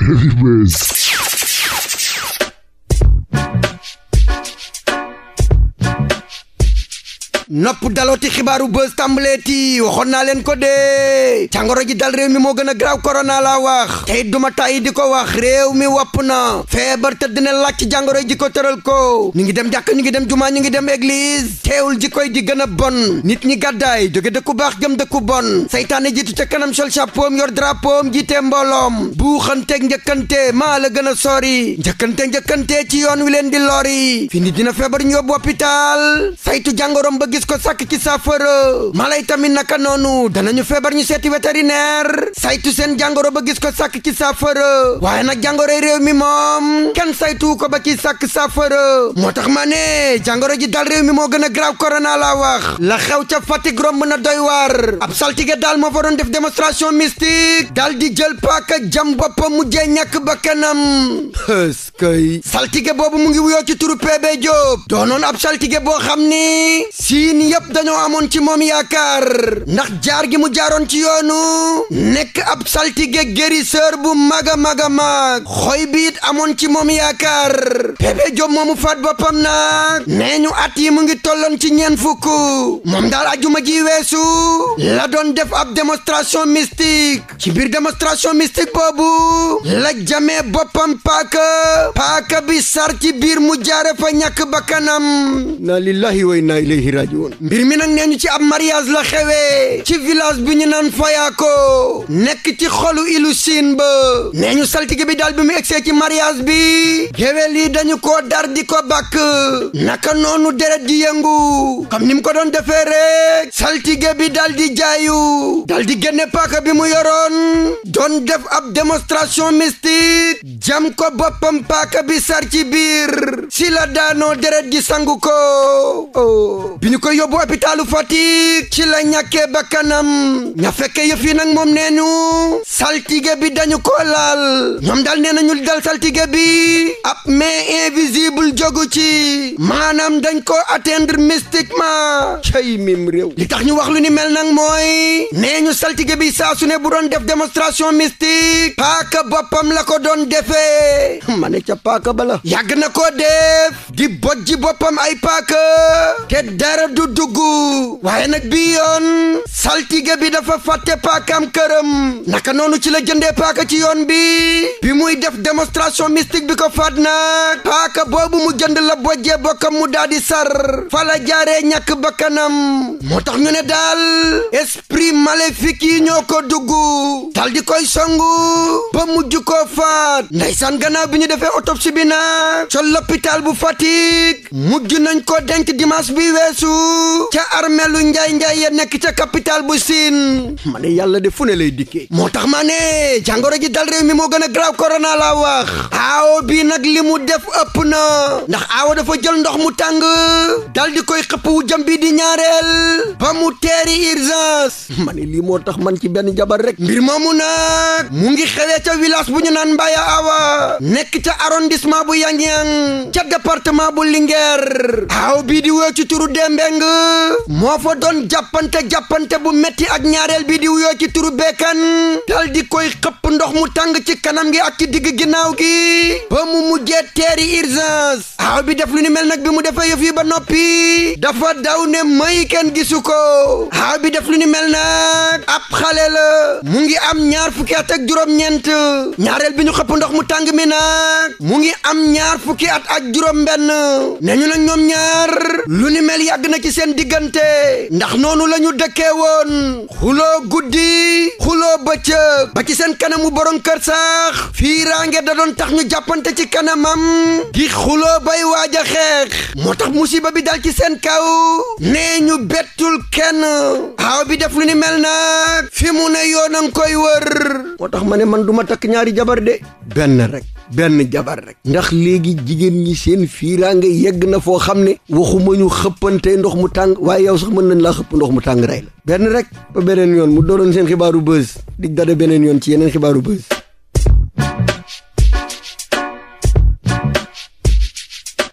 Anyways. nopp dalooti xibaaru buzz tàmbaleeti waxoon naa leen ko dee jàngoro ji dal réew mi moo gën a graaw korona laa wax tey duma tàyyi di ko wax réew mi wopp na feebar tëdd na laaj ci jàngoro ji ko tëral ko ñu ngi dem jàkk ñu ngi dem jumaa ñu ngi dem église teewul ji koy di gën a bon nit ñi gàddaay jóge dëkku baax jëm dëkku bon saytaane jiitu ca kanam sol chapeau yor drapeau jiite mbooloom buuxanteeg njëkkante maa la gën a sori njëkkante njëkkante ci yoon wi leen di lori fi nit dina feebar ñu yóbbu hôpital saytu jàngoroom ba des ko sàkk ci saafara mala yi tamit naka noonu ñu feebar ñu seeti vétérinaire saytu seen jàngoro ba gis ko sàkk ci saafara waaye nag jàngoroy réew mi moom kenn saytuwu ko ba ci sàkk saafara moo tax ma ne jàngoro ji dal réew mi moo gën a graaw corona laa wax la xew ca Fatick romb na doy waar ab saltige daal moo fa doon def démonstration mystique daal di jël paaka jam boppam mujjee ñakk ba kanam saltige boobu mu ngi wuyoo ci turu PB Diop doonoon ab saltige yii nii yëpp dañoo amoon ci moom yaakaar ndax jaar gi mu jaaroon ci yoonu nekk ab saltige guérisseur bu mag a mag a biit amoon ci moom yaakaar Pépé Diop moomu faat boppam nag nee ñu at yi mu ngi tolloon ci ñeent fukk moom daal ajuma ji weesu la doon def ab démonstration mystique ci biir démonstration mystique boobu la jamee boppam paaka paaka bi sar ci biir mu jaare fa ñàkk bakkanam na lillahi wa inna ilayhi rajiun mbir mi nag nee ñu ci ab mariage la xewee ci village bi ñu naan Fayako ci xolu ilu siin ba nee bi daal bi mu egsee ci bi géwél dañu koo dar di ko bàkk naka deret di yëngu comme ko doon defee saltige bi dal di jaayu dal di génne paaka bi mu yoroon doon def ab démonstration mystique jam ko boppam paaka bi sarci ci biir si la deret di sangu ko oh. bi ñu koy yóbbu hôpitalu Fatick ci la ñàkkee bakkanam ña fekke yëf yi nag moom nee ñu saltige bi dañu ko laal ñoom daal nee nañu dal saltige bi ab main invisible jogu ci maanaam dañ ko atteindre mystiquement cay mim réew li tax ñu wax lu ni mel nag mooy nee ñu saltige bi saa su ne bu doon def démonstration mystique paaka boppam la ko doon defee ma ne ca paaka bala yàgg na ko def di bojji boppam ay paaka dara du dugg waaye nag bi yoon saltige bi dafa fàtte am këram naka noonu ci la jëndee paaka ci yoon bi bi muy def démonstration mystique bi ko faat nag paaka boobu mu jënd la bojjee bokkam mu daal di sar fala la jaaree ñàkk bakkanam moo tax ñu ne daal esprit maléfique yi ñoo ko dugg dal di koy songu ba mujj koo faat ndeysaan gannaaw bi ñu defee autopsie bi nag ca l'hôpital bu Fatick mujj nañ ko denc dimanche bi weesu weesu ca armeelu njaay-njaay ya nekk ca capital bu siin ma ne yàlla de fu ne lay dikkee moo tax maa ne jàngoro ji dal réew mi moo gën a graaw korona laa wax aawo bii nag li mu def ëpp na ndax aawo dafa jël ndox mu tàng dal di koy xëpp wu jëm bi di ñaareel ba mu teeri urgence ma ne lii moo tax man ci benn jabar rek mbir moomu nag mu ngi xewee ca village bu ñu naan Mbaya Awa nekk ca arrondissement bu Yang ca département bu Linguère aaw bii di wéy turu dem Mbeng moo fa doon jàppante jàppante bu metti ak ñaareel bi di wuyoo ci turu bekkan dal di koy xëpp ndox mu tàng ci kanam gi ak ci digg ginnaaw gi ba mu mujjee teeri urgence aaw bi def lu ni mel nag bi mu defee yëf yi ba noppi dafa daw ne may kenn gisu ko aaw bi def lu ni mel nag ab xale mu ngi am ñaar fukki at ak juróom-ñeent ñaareel bi ñu xëpp ndox mu tàng mi nag mu ngi am ñaar fukki ak juróom-benn ne ñu ñoom ñaar lu ni mel yàgg na ci seen diggante ndax noonu la ñu dëkkee woon xuloo guddi xuloo bëccëg ba ci seen kanamu borom kër sax fii raange da doon tax ñu jàppante ci kanamam di xuloo bay waaj a xeex moo tax musiba bi dal ci seen kaw nee ñu bettul kenn aaw bi def lu ni mel nag fi mu ne yoonang koy wër moo tax ma ne man du ma takk ñaari jabar de benn rek benn jabar rek ndax léegi jigéen ñi seen fiiraange yegg na foo xam ne waxuma ñu xëppante ndox mu tàng waaye yow sax mën nañ laa xëpp ndox mu tàng rey la benn rek ba beneen yoon mu doonoon seen xibaaru buzz di dada beneen yoon ci yeneen xibaaru buzz